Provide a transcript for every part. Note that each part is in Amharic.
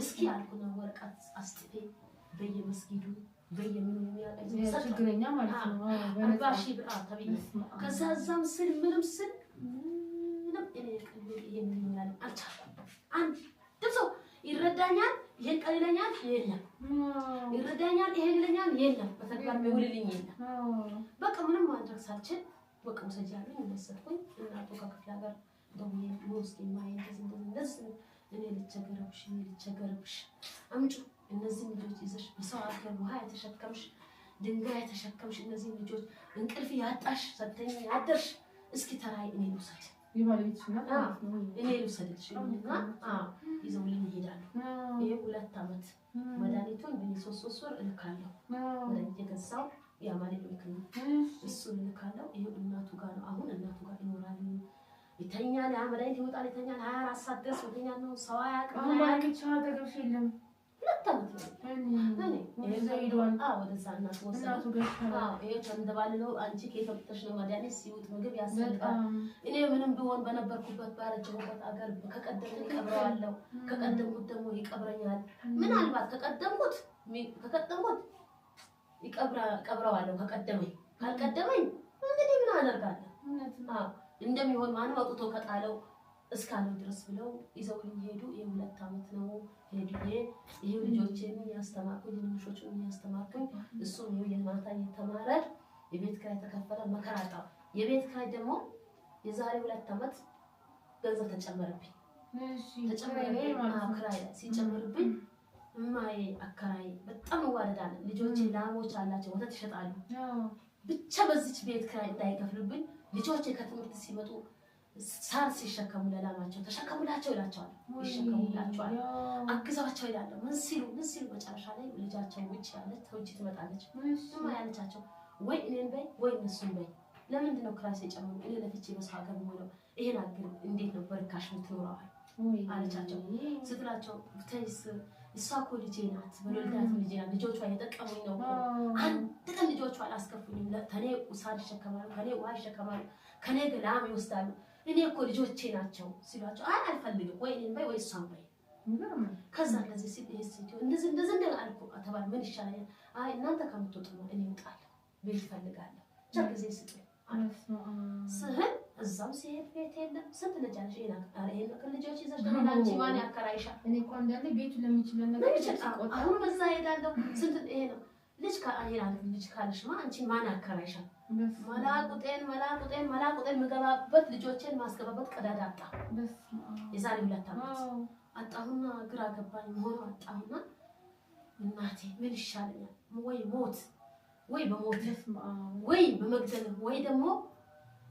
እስኪ አልኩ ነው ወረቀት አስጥፌ በየመስጊዱ በየችግረኛ ማለት ነው። አርባ ሺህ ብር ተብዬ ከዛ እዛም ስል ምንም ስል ምንም እኔ የሚለኛል አልቻልኩም። አንድም ሰው ይረዳኛል፣ ይሄን ቀን ይለኛል የለም፣ ይረዳኛል፣ ይሄን ይለኛል የለም፣ በተግባር የሚውልልኝ የለም። በቃ ምንም ማድረግ ሳልችል በቃ ውሰጃለሁ፣ ወሰድኩኝ። እናቱ ከክፍለ ሀገር ደውዬ ውስጥ የማይንደዝ እንደዚህ እኔ ልቸገረብሽ፣ እኔ ልቸገረብሽ፣ አምጩ እነዚህ ልጆች ይዘሽ በሰው አገር ውሃ የተሸከምሽ ድንጋይ የተሸከምሽ እነዚህ ልጆች እንቅልፍ ያጣሽ ሰተኝ ያደርሽ፣ እስኪ ተራይ እኔ ልውሰድ፣ እኔ ልውሰድልሽ ይዘው ይዘውልኝ ይሄዳሉ። ይህ ሁለት ዓመት መድኃኒቱን በሶስት ሶስት ሶስት ወር እልካለሁ የገዛው የአማሌ ልክ ነው። እሱን እልካለሁ። ይህ እናቱ ጋር ነው አሁን እናቱ ጋር ይኖራል። ይተኛል፣ ያ መድኃኒት ይወጣል፣ ይተኛል። ሀያ አራት ሰዓት ድረስ ይተኛል ነው ሰው አያውቅም። ወደዛ ነው ምግብ ያሰጣል። እኔ ምንም ቢሆን በነበርኩበት ባረጀሁበት አገር ከቀደም ይቀብረዋለሁ፣ ከቀደምኩት ደግሞ ይቀብረኛል። ምናልባት ከቀደምኩት ከቀደምኩት ይቀብረዋለሁ፣ ከቀደመኝ ካልቀደመኝ እንግዲህ ምን አደርጋለሁ? እንደሚሆን ማን አውጥቶ ከጣለው እስካሉ ድረስ ብለው ይዘው ሄዱ። የሁለት ዓመት ነው ሄድዬ ይህ ልጆችን ያስተማርኩኝ ልጆችን ያስተማርኩኝ እሱ ይህ የማታ የተማረ የቤት ኪራይ ተከፈለ። መከራጣ የቤት ኪራይ ደግሞ የዛሬ ሁለት ዓመት ገንዘብ ተጨመረብኝ። ተጨመረብኝ ክራይ ሲጨምርብኝ እማዬ አከራይ በጣም እዋደዳለን። ልጆቼ ላሞች አላቸው፣ ወተት ይሸጣሉ። ብቻ በዚች ቤት ኪራይ እንዳይከፍልብኝ ልጆች ከትምህርት ሲመጡ ሳር ሲሸከሙ ለላማቸው ተሸከሙላቸው ይላቸዋል። ይሸከሙላቸዋል፣ አግዛቸው ይላለሁ። ምን ሲሉ ምን ሲሉ መጨረሻ ላይ ልጃቸው ውጭ ያለች ከውጭ ትመጣለች። ማ ያለቻቸው ወይ እኔን በይ ወይ እነሱን በይ። ለምንድን ነው ክላስ የጨመሩ? እኔ ለፍቼ በሰው ሀገር ሆነው ይሄን አግር እንዴት ነው በርካሽ ምትኖረዋል አለቻቸው። ስትላቸው ተይስ እሷ እኮ ልጄ ናት ወልዳት ልጄ ናት። ልጆቿ እየጠቀሙኝ ነው። አንድ ቀን ልጆቿ አላስከፉኝም። ከኔ ውሳድ ይሸከማሉ፣ ከኔ ውሃ ይሸከማሉ፣ ከኔ ገላም ይወስዳሉ። እኔ እኮ ልጆቼ ናቸው ሲሏቸው አይ አልፈልግም፣ ወይ እኔን በይ ወይ እሷን በይ። ከዛ እንደዚህ እንደዚህ እንደዚህ አልኩ ተባል። ምን ይሻለኛል? አይ እናንተ ከምትወጡ ነው እኔ እወጣለሁ፣ ቤት እፈልጋለሁ፣ ብቻ ጊዜ ስጡ ስህል እዛም ሲሄድ ቤት የለም። ስንት ልጅ አለሽ? ይሄን ያክል ልጆች ይዘሽ ተመላልሽ ማን ያከራይሻል? እኔ እኮ እንዳለ ቤቱ ለሚችለ ነገር አሁን በዛ ሄዳለሁ። ስንት ይሄ ነው ልጅ ከአይራን ልጅ ካለሽማ አንቺ ማን ያከራይሻል? መላቁጤን መላቁጤን መላቁጤን የምገባበት ልጆቼን ማስገባበት ቀዳዳ አጣ። የዛሬ ሁለት ዓመት አጣሁና ግራ ገባኝ። ሆኖ አጣሁና እናቴ ምን ይሻለኛል? ወይ ሞት ወይ በሞት ወይ በመግደል ወይ ደግሞ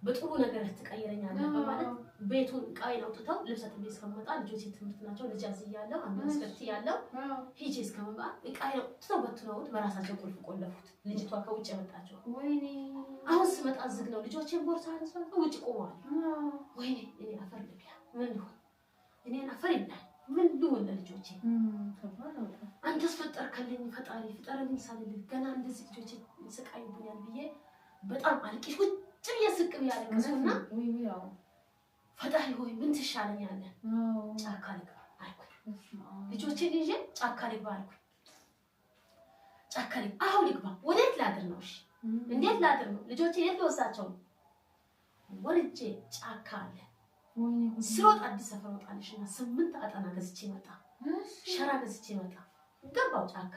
በጥሩ ነገር ትቀይረኛለህ በማለት ቤቱን ቃይን አውጥተው ልብሰ ጥቤ እስከመጣ ልጆች ትምህርት ናቸው ልጅ አዝያለሁ አንድ አስከፍት ያለው ሂጂ እስከመምጣት ቃይን አውጥተው በትነውት በራሳቸው ቁልፍ ቆለፉት። ልጅቷ ከውጭ የመጣቸው አሁን ስመጣ ዝግ ነው። ልጆቼን ቦርሳ አነሳለ ውጭ ቆመዋል። ወይኔ እኔ አፈር ልብያ ምን ልሁን? እኔን አፈር ይላል ምን ልሁን ለልጆቼ? አንተስ ፈጠርከልኝ ፈጣሪ ፍጠረልኝ ሳልልህ ገና እንደዚህ ልጆቼ ስቃዩብኛል ብዬ በጣም አልቂሽ ጭር የስቅ ብያለቅስና ፈጣሪ ሆይ ምን ትሻለኛለህ? ጫካ ልግባ አልኩኝ። ልጆችን ይዤ ጫካ ልግባ አልኩኝ። ጫካ ልግባ አሁን ልግባ። ወዴት ላድር ነው? እሺ እንዴት ላድር ነው? ልጆቼ የት ልወስዳቸው ነው? ወርጄ ጫካ አለ ስሮጥ አዲስ ሰፈር ስምንት አጠና ገዝቼ መጣ፣ ሸራ ገዝቼ መጣ ገባው ጫካ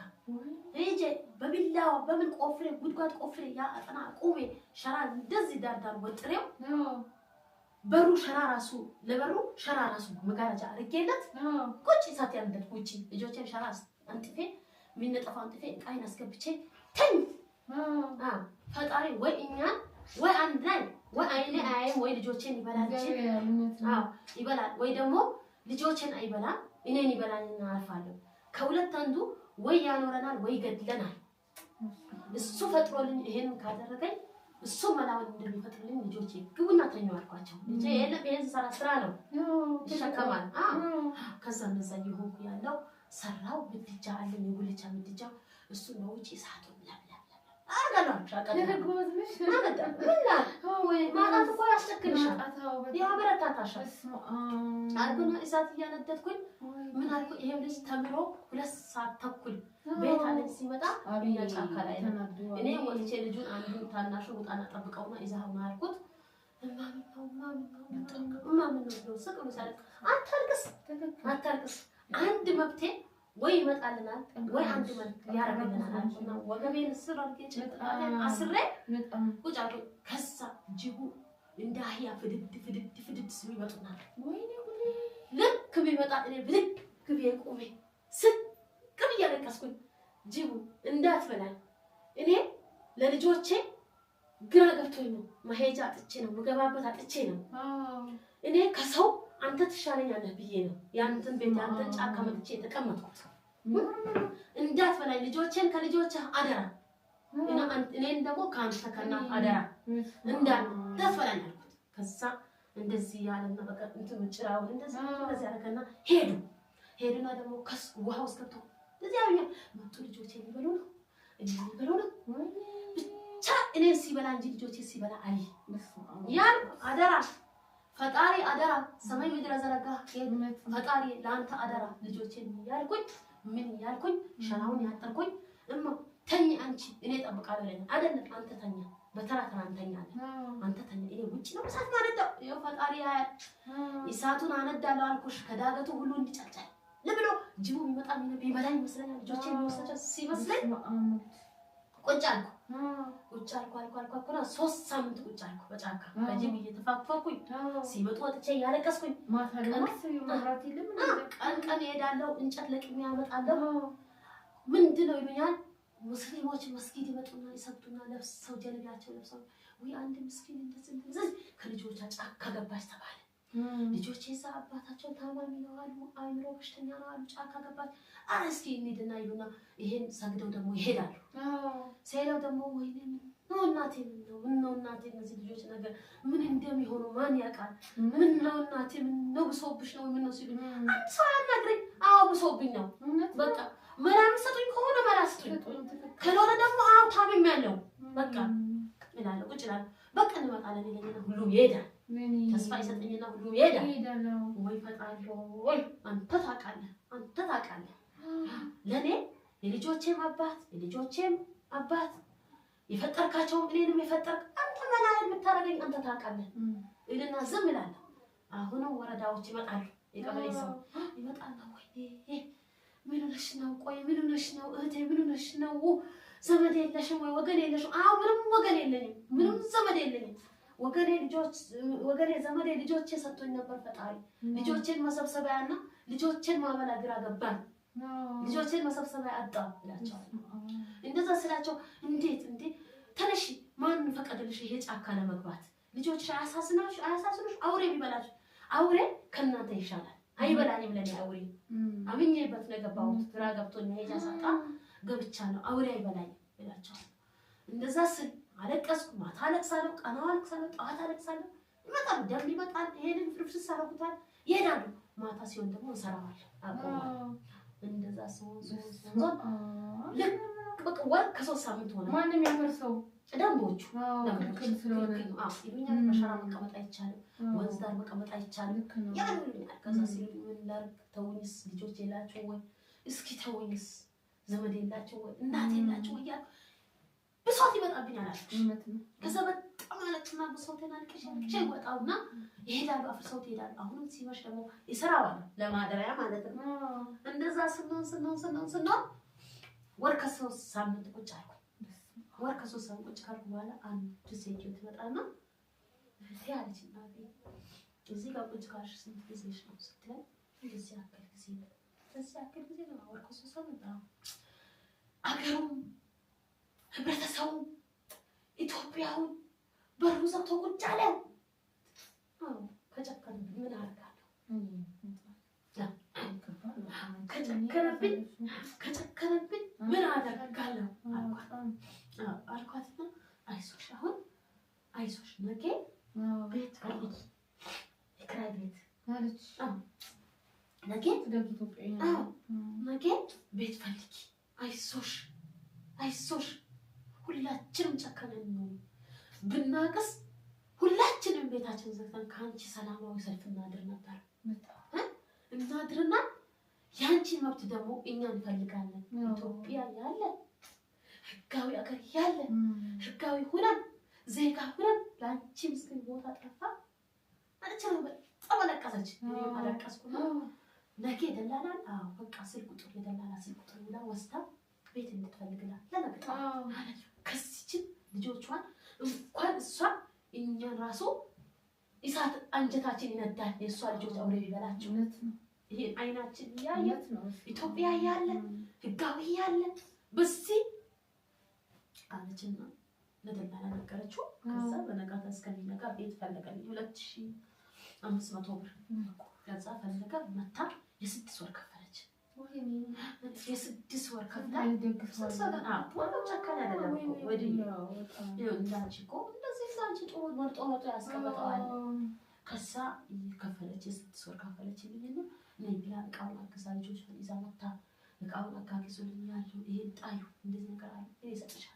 ሄጄ በቢላዋ በምን ቆፍሬ ጉድጓድ ቆፍሬ ያ አጠና ቆሜ ሸራ እንደዚህ ዳርዳር ወጥሬው በሩ ሸራ ራሱ ለበሩ ሸራ ራሱ መጋረጃ አድርጌለት ቁጭ ሳት ያለበት ቁጭ ልጆቼን ሸራ አንጥፌ የሚነጠፋ አንጥፌ እቃዬን አስገብቼ ተኝ። ፈጣሪ ወይ እኛን ወይ አንድ ላይ ወይ አይኔ አያይም ወይ ልጆቼን ይበላል ይበላል ወይ ደግሞ ልጆቼን አይበላም እኔን ይበላል እናርፋለሁ። ከሁለት አንዱ ወይ ያኖረናል ወይ ገድለናል። እሱ ፈጥሮልኝ ይሄን ካደረገኝ እሱ መላውን እንደሚፈጥርልኝ ልጆቼ ግቡና ተኙ አልኳቸው። ልጄ የለም ይሄን ስራ ስራ ነው ይሸከማል። ከዛ እነዛ የሆንኩ ያለው ሰራው ምድጃ አለኝ የጉልቻ ምድጃ እሱ ነው ውጭ እሳቱ ማጣት እኮ ያስቸግርሻል፣ እሳት እያነደድኩኝ ምን አልኩ፣ ይሄው ልጅ ተምሮ ሁለት ሰዓት ተኩል ቤት አለት ሲመጣ አብያ ጫካ ላይ ነው። እኔ ወጥቼ ልጁን አንዱ ታናሹ ውጣና ጠብቀውና ነው አልኩት። ነው ስቅ አታልቅስ፣ አታልቅስ አንድ መብቴ ወይ ይመጣልናል ወይ አንድ መልክ ያደርግልናል። ወገቤን ስር አድርጌ ጭንቅላቴን አስሬ ቁጭ አድርጌ ከሳ ጅቡ እንደ አህያ ፍድድ ፍድድ ፍድድ ስሉ ይመጡናል። ልክ ቢመጣ እኔ ብድግ ብዬ ቆሜ ስቅ ብዬ ጅቡ እንዳትበላኝ እኔ ለልጆቼ ግራ ገብቶኝ ነው መሄጃ አጥቼ ነው ምገባበት አጥቼ ነው እኔ ከሰው አንተ ትሻለኛለህ ብዬ ነው ያንተን ቤት ያንተን ጫካ መጥቼ የተቀመጥኩት። እንዳትበላኝ ልጆችን ከልጆች አደራ፣ እኔን ደግሞ ከአንተ ከና አደራ። እንዳ እንዳትበላኝ አልኩት። ከዛ እንደዚህ ያለና በቃ እንትን ጭራው እንደዚህ እንደዚህ ያለከና ሄዱ ሄዱና ደግሞ ከስ ውሃ ውስጥ ገብቶ እዚያ ያለ መጡ። ልጆች የሚበሉ ነው እጅ ነው ብቻ እኔ ሲበላ እንጂ ልጆች ሲበላ አይ ያን አደራ ፈጣሪ አደራ ሰማይ ምድር አዘረጋ ፈጣሪ ለአንተ አደራ ልጆቼን ያልኩኝ ምን ያልኩኝ ሸራውን ያጠርኩኝ እማ ተኝ አንቺ እኔ እጠብቃለሁ ለኝ አይደለም አንተ ተኛ በተራ ተራ አንተኛ አንተ ተኛ እኔ ውጭ ነው እሳት ማለት ነው ይኸው ፈጣሪ ያያል እሳቱን አነዳለሁ አልኩሽ ከዳገቱ ሁሉ እንዲጨልጨል ለብሎ ጅቡ ቢመጣ ቢበላኝ ይመስለኛል ልጆቼን የሚወስዳቸው ሲመስለኝ ቁጭ አልኩ ቁጭ አልኩ አልኩ አልኩ ሶስት ሳምንት ቁጭ አልኩ በጫካ በጅም እየተፋፋኩኝ ሲመጡ ወጥቼ እያለቀስኩኝ ቀን ቀን እሄዳለሁ እንጨት ለቅሜ ያመጣለሁ። ምንድን ነው ይሉኛል ሙስሊሞች መስጊድ ይመጡና ይሰግዱና ለብሰው ጀልቢያቸው ለብሰው ወይ አንድ ምስኪን እንደዚህ ከልጆቿ ጫካ ገባች ተባለ። ልጆች እዛ አባታቸው ታማሚ ነው አሉ፣ አይምሮ በሽተኛ ነው አሉ፣ ጫካ ገባች። ኧረ እስኪ እንሂድና ይሉና ይሄን ሰግደው ደግሞ ይሄዳሉ። ሴለው ደግሞ ወይኔ ምን እናቴ፣ ምን ነው ምን ነው እናቴ፣ እነዚህ ልጆች ነገር ምን እንደሚሆኑ ማን ያውቃል? ምን ነው እናቴ፣ ምን ነው ብሶብሽ ነው ምን ነው ሲሉ አንድ ሰው አናግረኝ። አዎ ብሶብኝ ነው በቃ መራም ምሰጡኝ ከሆነ መራ ስጡኝ፣ ከሆነ ደግሞ አዎ ታምሜያለሁ በቃ እላለሁ። ቁጭ እላለሁ። በቃ እንመጣለን ይለኛል። ሁሉም ይሄዳል። ተስፋ ይሰጠኝና ሁሉም ይሄዳል። ወይ ፈጣሪ ወይ አንተ ታውቃለህ፣ አንተ ታውቃለህ። ለእኔ የልጆቼም አባት የልጆቼም አባት የፈጠርካቸውም እኔንም የፈጠርክ አንተ መላ የምታደርገኝ አንተ ታውቃለህ እልና ዝም እላለሁ። አሁንም ወረዳዎች ይመጣሉ፣ የቀበሌ ሰው ይመጣና ወይ ምን ሆነሽ ነው? ቆይ ምን ሆነሽ ነው? እህቴ ምን ሆነሽ ነው? ዘመድ የለሽም ወይ ወገን የለሽም? አዎ ምንም ወገን የለኝም፣ ምንም ዘመድ የለኝም። ወገኔ ልጆች ወገኔ ዘመዴ ልጆቼ ሰጥቶኝ ነበር ፈጣሪ። ልጆቼን መሰብሰቢያና ልጆቼን ማበላ ግራ ገባኝ። ልጆቼን መሰብሰቢያ አጣ ይላቸዋል። እንደዛ ስላቸው እንዴት እንዴ ተነሽ፣ ማን ፈቀድልሽ ይሄ ጫካ ለመግባት? ልጆች አያሳስናሽ አያሳስኑሽ? አውሬ ቢበላሽ አውሬ ከእናንተ ይሻላል። አይበላኝም ለኔ አውሬ። አምኜበት ነው የገባሁት። ግራ ገብቶኝ ሄጃ ሳጣ ገብቻ ነው አውሬ አይበላኝም ይላቸዋል። እንደዛ ስል አለቀስኩ። ማታ አለቅሳለሁ፣ ቀና አለቅሳለሁ፣ ጠዋት አለቅሳለሁ። ይመጣል፣ ደም ይመጣል። ይሄንን ይሄዳሉ። ማታ ሲሆን ደግሞ እንሰራዋለን፣ እንደዛ ሲሆን ወር ከሶስት ሳምንት ሆነ። ማንም ደንቦቹ ይሉኛል። መቀመጥ አይቻልም፣ ወንዝ ዳር መቀመጥ አይቻልም። ከዛ ሲሉ ምን ላድርግ? ተውኝስ ልጆች የላቸው ወይ? እስኪ ተውኝስ ዘመድ የላቸው ወይ? እናት የላቸው ወይ? እያልኩ ብሷት ይመጣብኛል አልኩሽ። ከዛ በጣም አለቅስና ብሶቴን አልቅሼ አልቅሼ ይወጣውና ይሄዳሉ፣ አፍርሰው ይሄዳሉ። አሁንም ሲመሽ ደግሞ ይሰራዋል ለማደሪያ ማለት ነው። እንደዛ ስንሆን ስንሆን ስንሆን ስንሆን ወር ከሶስት ሳምንት ቁጭ አልኩ። ወር ከሶስት ሳምንት ቁጭ ካልኩ በኋላ አንድ ሴትዮ ትመጣና ያለች እናቴ እዚህ ጋር ቁጭ ካልሽ ስንት ጊዜሽ ነው ስትለኝ እንደዚህ ያክል ጊዜ ነው፣ እንደዚህ ያክል ጊዜ ነው። ወር ከሶስት ሳምንት ነው አገሩም ህብረተሰቡ ኢትዮጵያውን በሩ ዘግቶ ቁጭ አለ። ከጨከንብኝ ምን አደርጋለሁ? ከጨከንብኝ ዜጋ ሁን ለአንቺ ምስኪን ቦታ ጠፋ አንቺ ነው በጣም አለቀሰች። አለቀስኩና ነገ ደላላን በቃ ስልክ ቁጥር የደላላ ስልክ ቁጥር ብላ ወስዳ ቤት እንድትፈልግላት ለመቅጣ ከስችን ልጆቿን እንኳን እሷ እኛን ራሱ እሳት አንጀታችን ይነዳል። የእሷ ልጆች አውሬ ይበላቸው። ይሄን አይናችን እያየ ኢትዮጵያ እያለ ህጋዊ እያለ በዚህ አለችና ለደላላ ነገረችው። ከዛ በነጋታ እስከሚነጋ ቤት ፈለገልኝ ሁለት ሺ አምስት መቶ ብር ከዛ ፈለገ መታ የስድስት ወር ከፈለች። የስድስት ወር ከፍላ ጨካኝ አይደለም ወደ እንዳንቺ እኮ እንደዚህ እንዳንቺ ጥሩ መርጦ መርጦ ያስቀምጠዋል። ከዛ ከፈለች የስድስት ወር ከፈለች ይልና እኔ ብላ እቃውን አግዛ ልጆች ይዛ መታ እቃውን አጋግዙልኝ ያለው ይሄን ጣዩ እንደዚህ ነገር አለ ይሰጥሻል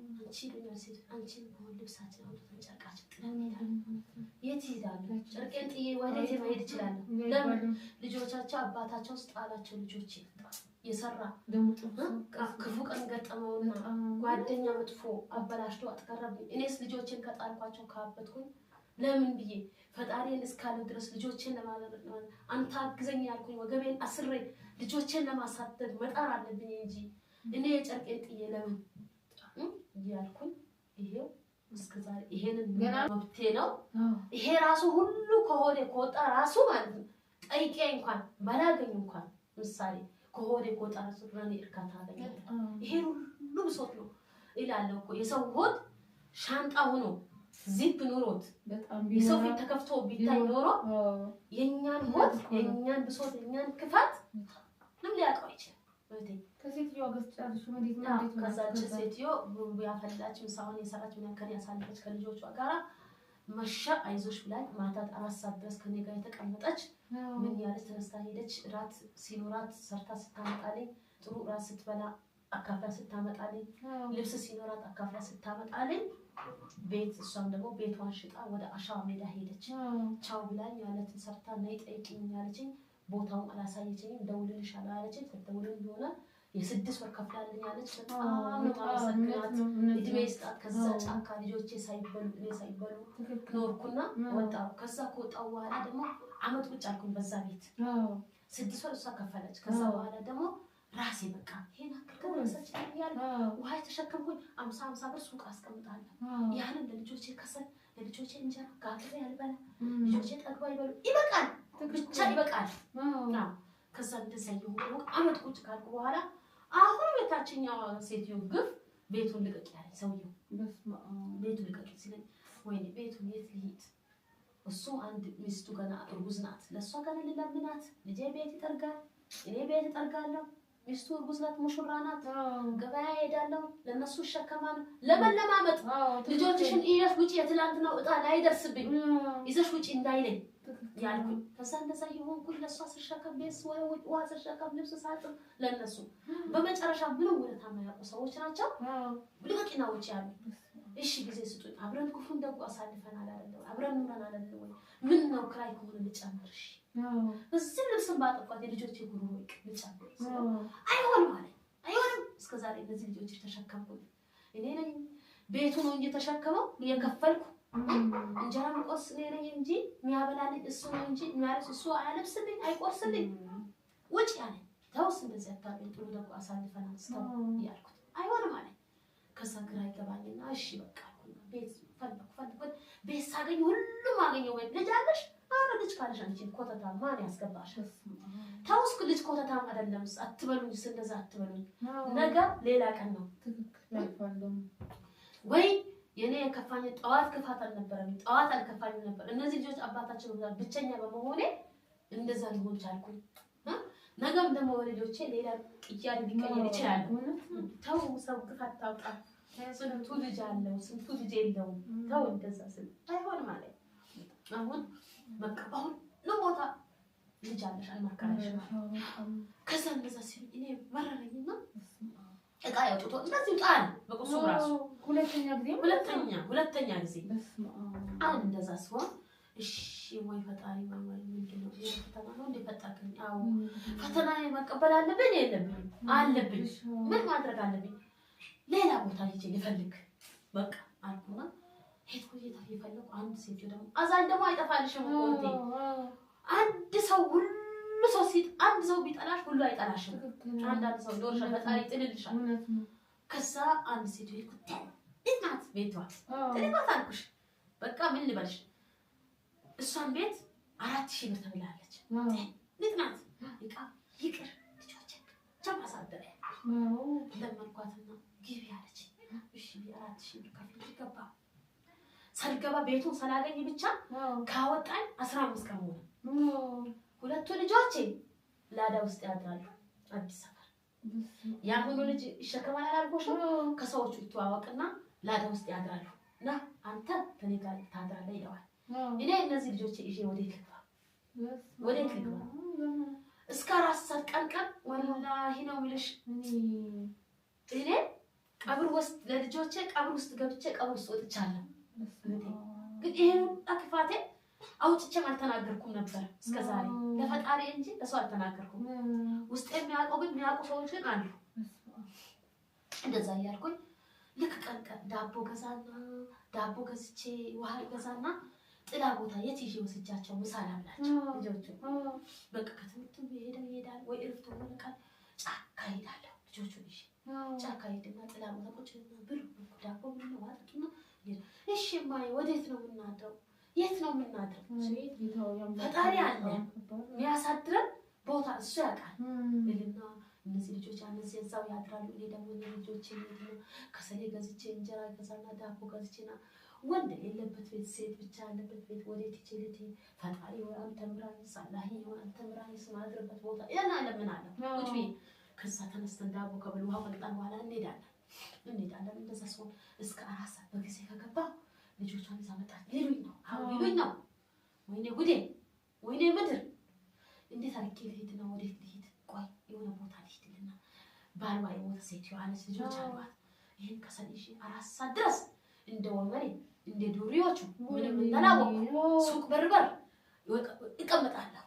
እቺ ግን ወስድ አንቺን በሁሉ ልብሳችን አውጥተን ጨርቃችን ጥለን እንሄዳለን። የት ይሄዳሉ? ጨርቄን ጥዬ ወዴት መሄድ እችላለሁ? ለምን ልጆቻቸው አባታቸው ስጣላቸው። ልጆች የሰራ ክፉ ቀን ገጠመውና ጓደኛ መጥፎ አበላሽቶ አጥቀረብኝ እኔስ ልጆችን ከጣልኳቸው ካበትኩኝ ለምን ብዬ ፈጣሪን እስካለ ድረስ ልጆችን ለማለት አንተ አግዘኝ ያልኩኝ ወገቤን አስሬ ልጆችን ለማሳደግ መጣር አለብኝ እንጂ እኔ የጨርቄን ጥዬ ለምን እያልኩኝ ይሄው እስከዛሬ ይሄንን መብቴ ነው። ይሄ ራሱ ሁሉ ከሆዴ ከወጣ ራሱ ማለት ነው ጠይቄ እንኳን ባላገኝ እንኳን ምሳሌ ከሆዴ ከወጣ ራሱ እርካታ ሁሉ ብሶት ነው እኮ የሰው ሆድ ሻንጣ ሆኖ ዚፕ ኑሮት የሰው ፊት ተከፍቶ ቢታይ ኖሮ የእኛን ሆድ የእኛን ብሶት የእኛን ክፋት ሊያውቀው አይችልም። ከሴትዮ ጋር ነው? ከዛች ሴትዮ ያሳለፈች ከልጆቿ ጋራ መሻ አይዞሽ ብላኝ ማታ አራት ሰዓት ድረስ ከኔ ጋር የተቀመጠች ምን ያለች ተነስታ ሄደች። ራት ሲኖራት ሰርታ ስታመጣልኝ፣ ጥሩ ራት ስትበላ አካፍላ ስታመጣልኝ፣ ልብስ ሲኖራት አካፍላ ስታመጣልኝ፣ ቤት እሷም ደግሞ ቤቷን ሽጣ ወደ አሸዋ ሜዳ ሄደች። ቻው ብላኝ ያለችን ሰርታ ነይ ጠይቂኝ ያለችኝ ቦታውን አላሳየችኝም። ደውልልሻለሁ ያለችኝ ስትደውልልኝ ይሆናል የስድስት ወር ከፍላልኝ አለች። በጣም ታመሰግናት እድሜ ይስጣት። ከዛ ጫካ ልጆቼ ሳይበሉ እኔ ሳይበሉ ኖርኩና ወጣሁ። ከዛ ከወጣሁ በኋላ ደግሞ አመት ቁጭ አልኩኝ በዛ ቤት ስድስት ወር እሷ ከፈለች። ከዛ በኋላ ደግሞ ራሴ በቃ ይሄን አክል ከሰች ያለ ውሃ የተሸከምኩኝ አምሳ አምሳ ብር ሱቅ አስቀምጣለሁ። ያንን ለልጆቼ ከሰል ለልጆቼ እንጀራ ጋግሬ አልበላ ልጆቼ ጠግባ ይበሉ። ይበቃል፣ ብቻ ይበቃል። ከዛ እንደዚያ እየሆንኩ አመት ቁጭ ካልኩ በኋላ አሁን በታችኛው ሴትዮ ግፍ ቤቱን ልቀቅ ያለኝ ሰውየው ቤቱን ልቀቅ ሲለኝ፣ ወይኔ ቤቱን የት ልሂድ? እሱ አንድ ሚስቱ ገና እርጉዝ ናት። ለእሷ ገና ልለምናት? ልጄ ቤት ይጠርጋል፣ እኔ ቤት እጠርጋለሁ ሚስቱ እርጉዝ ናት፣ ሙሽራ ናት፣ ገበያ ሄዳለሁ፣ ለነሱ እሸከማለሁ። ለማመጥ ልጆችሽን ይዘሽ ውጪ፣ የትላንትናው እጣ ላይደርስብኝ ይዘሽ ውጪ እንዳይለኝ ያልኩኝ። ከዛ እንደዛ የሆንኩኝ ለእሷ ስሸከም ቤስ ወይ ውሃ ስሸከም ልብስ ሳጥብ ለእነሱ በመጨረሻ ምንም ውለታ የማያውቁ ሰዎች ናቸው። ልቅናዎች ያሉ እሺ ጊዜ ስጡኝ፣ አብረን ክፉ እንደጉ አሳልፈናል አይደለም አብረን ምን አላለን ምን ነው ክራይ ከሆነ ልጨምርሽ እዚህ ልብስን ባጠፏት የልጆች የጉሮ ቅብጫ አይሆንም ማለት አይሆንም። እስከዛሬ እነዚህ ልጆች ተሸከምኩ እኔ ነኝ። ቤቱ ነው እንጂ ተሸከመው የከፈልኩ እንጀራ መቆርስ እኔ ነኝ እንጂ የሚያበላልኝ እሱ ነው እንጂ የሚያለብስ እሱ አያለብስልኝ፣ አይቆርስልኝ። ውጭ ያለ ተውስ እንደዚህ አታውቅም። ጥሩ ደግሞ አሳልፈን አንስተው ያልኩት አይሆንም አለኝ። ከዛ ግራ ይገባኝና እሺ በቃ ቤት ፈለኩ ፈለኩ። ቤት ሳገኝ ሁሉም አገኘው ወይ ልጅ አለሽ ልጅ ካለሽ አንቺን ኮተታ ማን ያስገባሽ? ታውስኩ ልጅ ኮተታም አይደለም አትበሉኝ፣ ስለዛ አትበሉኝ። ነገ ሌላ ቀን ነው ወይ የኔ የከፋኝ ጠዋት ክፋት አልነበረም፣ ጠዋት አልከፋኝ ነበር። እነዚህ ልጆች አባታቸው ጋር ብቸኛ በመሆኔ እንደዛ ሊሆን ቻልኩኝ። ነገም ደግሞ ወልጆቼ ሌላ ቅያድ ሊቀየር ይችላል። ተው ሰው ክፋት ታውጣ። ስንቱ ልጅ አለው፣ ስንቱ ልጅ የለውም። ተው እንደዛ ስል አይሆን ማለት አሁን በቃ ሁሉም ቦታ ልጅ አለሽ አልመከረሽም። ከዛ እንደዛ ሲል እኔ መረረኝና እቃ ያውጡቶ እንደዚህ ጣል በቁሱ ራሱ ሁለተኛ ጊዜ ሁለተኛ ሁለተኛ ጊዜ አሁን እንደዛ ሲሆን እሺ ወይ ፈጣሪ ማማል ምንድነው ፈተና ነው እንደፈጠርከኝ። አዎ ፈተና መቀበል አለብኝ የለብን አለብኝ ምን ማድረግ አለብኝ? ሌላ ቦታ ልጅ ልፈልግ በቃ አልኩና ሄድኩ እየፈለኩ አንድ ሴት አዛን ደግሞ አይጠፋልሽም። አንድ ሰው ሁሉ ሰው ሲጥ አንድ ሰው ቢጠላሽ ሁሉ አይጠላሽም። አንዳንድ ሰው ዶርሻ ፈጣሪ ጥልልሻል። ከዛ አንድ ሴት ሄድኩ እናት ቤቷ ጥልባት አልኩሽ። በቃ ምን ልበልሽ፣ እሷን ቤት አራት ሺህ ብር ተብላለች። ንጥናት ይቃ ይቅር ልጆችን ብቻ ማሳደረ ለመርኳትና ግቢ አለች። እሺ አራት ሺህ ብር ከፍል ገባ ሳልገባ ቤቱን ስላገኝ ብቻ ካወጣኝ አስራ አምስት ቀን ሁለቱ ልጆቼ ላዳ ውስጥ ያድራሉ አዲስ ሰፈር። ያ ልጅ ይሸከማል አላልኩሽም? ከሰዎቹ ይተዋወቅና ላዳ ውስጥ ያድራሉ። ና አንተ ከኔ ጋር ታድራለህ ይለዋል። እኔ እነዚህ ልጆቼ ይዤ ወዴት ልግባ? ወዴት ልግባ? እስከ አራት ሰዓት ቀን ቀን ወላሂ ነው የሚልሽ። እኔ ቀብር ውስጥ ለልጆቼ ቀብር ውስጥ ገብቼ ቀብር ውስጥ ወጥቻለሁ። ግን ይሄ ሁላ ክፋቴ አውጥቼም አልተናገርኩም ነበር እስከዛሬ ለፈጣሪ እንጂ ለሰው አልተናገርኩም። ውስጥ የሚያውቀው ግን የሚያውቁ ሰዎች ግን አሉ። እንደዛ እያልኩኝ ልክ ቀን ቀን ዳቦ ገዛና ዳቦ ገዝቼ ውሃ ገዛና ጥላ ቦታ የት ይዤ ወስጃቸው ምሳ ላብላቸው ልጆቹ። በቃ ከትምህርቱ የሄደ ይሄዳል ወይ እረፍት ሆነ ጫካ ሄዳለሁ ልጆቹ ይዤ ጫካ ሄድና ጥላ ቦታ ቁጭ ብሉ ዳቦ ምን ዋጥና እሺ ማይ ወዴት ነው የምናድረው? የት ነው የምናድረው? ፈጣሪ አለ የሚያሳድረን ቦታ እሱ ያውቃል ልና እነዚህ ልጆች አነስ እዛው ያድራሉ። እኔ ደግሞ ልጆች ከሰሌ ገዝቼ እንጀራ ገዛና ዳቦ ገዝቼና ወንድ የለበት ቤት ሴት ብቻ ያለበት ቤት ወዴት ይችልት ፈጣሪ ወይ አንተ ምራኝ ሳላሂ ወይ አንተ ምራኝ ስማድርበት ቦታ ያን አለ ቁጭ ከዛ ተነስተን ዳቦ ከበል ውሃ መቅጣን በኋላ እንሄዳለን። እንሄዳለን። እንደዛ ሲሆን እስከ አራት ሰዓት በጊዜ ከገባ ልጆቿን ይዛ መጣች ሊሉኝ ነው አሁን ሊሉኝ ነው። ወይኔ ጉዴ፣ ወይኔ ምድር! እንዴት አድርጌ ልሂድ ነው? ወዴት ልሂድ? ቆይ የሆነ ቦታ ልሂድልና ባልባ የሞተ ሴት የዋለች ልጆች አሏት። ይህን ከሰል አራት ሰዓት ድረስ እንደ ወንበሬ እንደ ዱሪዎቹ ምንም እንዳላወቁ ሱቅ በርበር እቀምጣለሁ።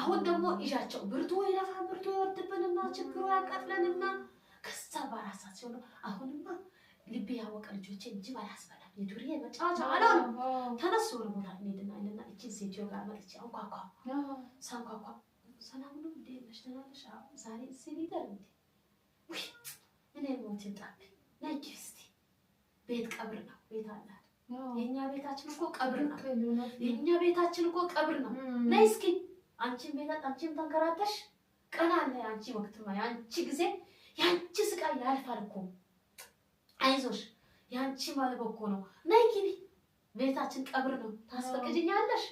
አሁን ደግሞ ይዣቸው ብርቱ ይለፋ ብርቱ ይወርድብንና ችግሩ ያቃጥለንና ከዛ በአራሳት ሲሆኑ አሁንማ ልቤ ያወቀ ልጆቼን እንጂ ባላስበላም የዱርዬ መጫወቻ አለ ተነሱ ወደ ቦታ እንሄድና አለና እችን ሴትዮ ጋር መጥቼ አንኳኳ። ሳንኳኳ ሰላም ነው እንዴ ነሽ? ዛሬ እዚህ ሊደር እንዴ? እኔ ሞት ይጣል ነጅ እስቲ ቤት ቀብር ነው ቤት አለ የእኛ ቤታችን እኮ ቀብር ነው። የእኛ ቤታችን እኮ ቀብር ነው። ነይ እስኪ አንቺን ቤታት አንቺን ተንከራተሽ ቀና አለ አንቺ ወቅት አንቺ ጊዜ ያንቺ ስቃይ ያልፋል እኮ አይዞሽ፣ ያንቺ ማለበ እኮ ነው። ነይ ግቢ፣ ቤታችን ቀብር ነው። ታስፈቅጅኛለሽ?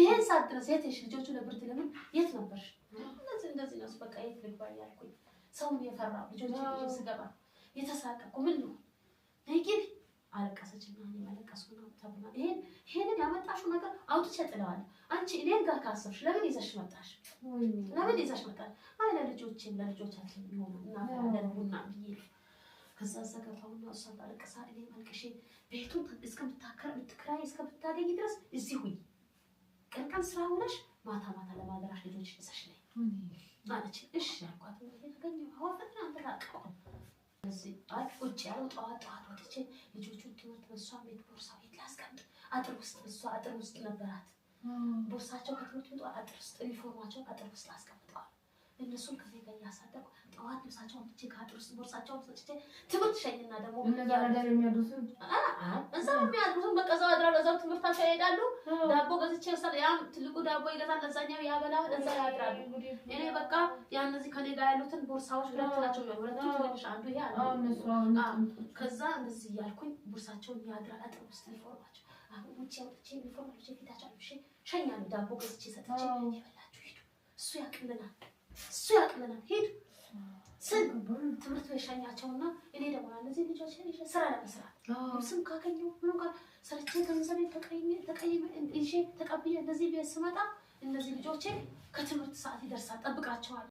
ይሄን ሳትነስ የት ሄድሽ? ልጆቹ ለብርት ለምን የት ነበርሽ? እነዚህ እንደዚህ ነው በቃ የት ልግባ እያልኩኝ ሰውን የፈራ ልጆች ስገባ የተሳቀቁ ምን ነው ነይ ግቢ አለቀሰች እና እኔ አለቀስኩ ነው ተብላ ይሄን ይሄንን ያመጣሽው ነገር አውጥቼ ጥለዋለሁ። አንቺ እኔን ጋር ካሰብሽ ለምን ይዘሽ መጣሽ? ለምን ይዘሽ መጣሽ? ለልጆችን ለልጆቻችን ቢሆኑ እናለን ቡና ብዬ ከዛ ዘገባውና እሷ ታለቅሳ እኔ አልቅሼ ቤቱን እስከምታከር ምትክራይ እስከምታገኝ ድረስ እዚህ ሁኝ፣ ቀን ቀን ስራ ውለሽ ማታ ማታ ለማደራሽ ልጆች ይዘሽ ላይ ማለች። እሽ ያልኳት ተገኘ ሀዋፈት አንተ ታቀቁ እዚህ ውጭ ያለው ጠዋት ጠዋት ወጥቼ ልጆቹን ትምህርት በእሷ ቤት ቦርሳ ቤት ላስቀምጥ። አጥር ውስጥ እሷ አጥር ውስጥ ነበራት ቦርሳቸው ከትምህርት ቤቱ አጥር ውስጥ ዩኒፎርማቸውን አጥር ውስጥ አስቀምጠዋል። እነሱን ከዚህ ጋር እያሳደኩ ጠዋት ልብሳቸውን ብቻ ከአጥር ውስጥ ቦርሳቸውን ሰጥቼ ትምህርት ሸኝና ደግሞ እነዛ ነገር የሚያደርሱ እዛ የሚያድሩትም በቃ እዛው አድራ በዛው ትምህርታቸው ይሄዳሉ። ዳቦ ገዝቼ ሰ ያም ትልቁ ዳቦ ይገዛል፣ ለዛኛው ያበላ፣ እዛ ያድራሉ። እኔ በቃ ያ እነዚህ ከኔ ጋር ያሉትን ቦርሳዎች ሁለት ናቸው፣ ሁለቱ አንዱ ይሄ ከዛ እንደዚህ እያልኩኝ ቦርሳቸውን ያድራል፣ አጥር ውስጥ ሊፎርማቸው አሁን ውጭ ያውጥቼ ሊፎርማቸው ፊታቸው ሸኛሉ፣ ዳቦ ገዝቼ ሰጥቼ ይበላችሁ ሂዱ፣ እሱ ያቅልናል። እሱ ያቅልናል። ሂድ ስን ትምህርት በሻኛቸውና እኔ ደግሞ እነዚህ ልጆች ስራ ለመስራት ስም ካገኘሁ ብሎ ሰርቼ ገንዘቤ ተቀይሜ ተቀብዬ እንደዚህ ቤት ስመጣ እነዚህ ልጆቼ ከትምህርት ሰዓት ይደርሳል፣ ጠብቃቸዋል።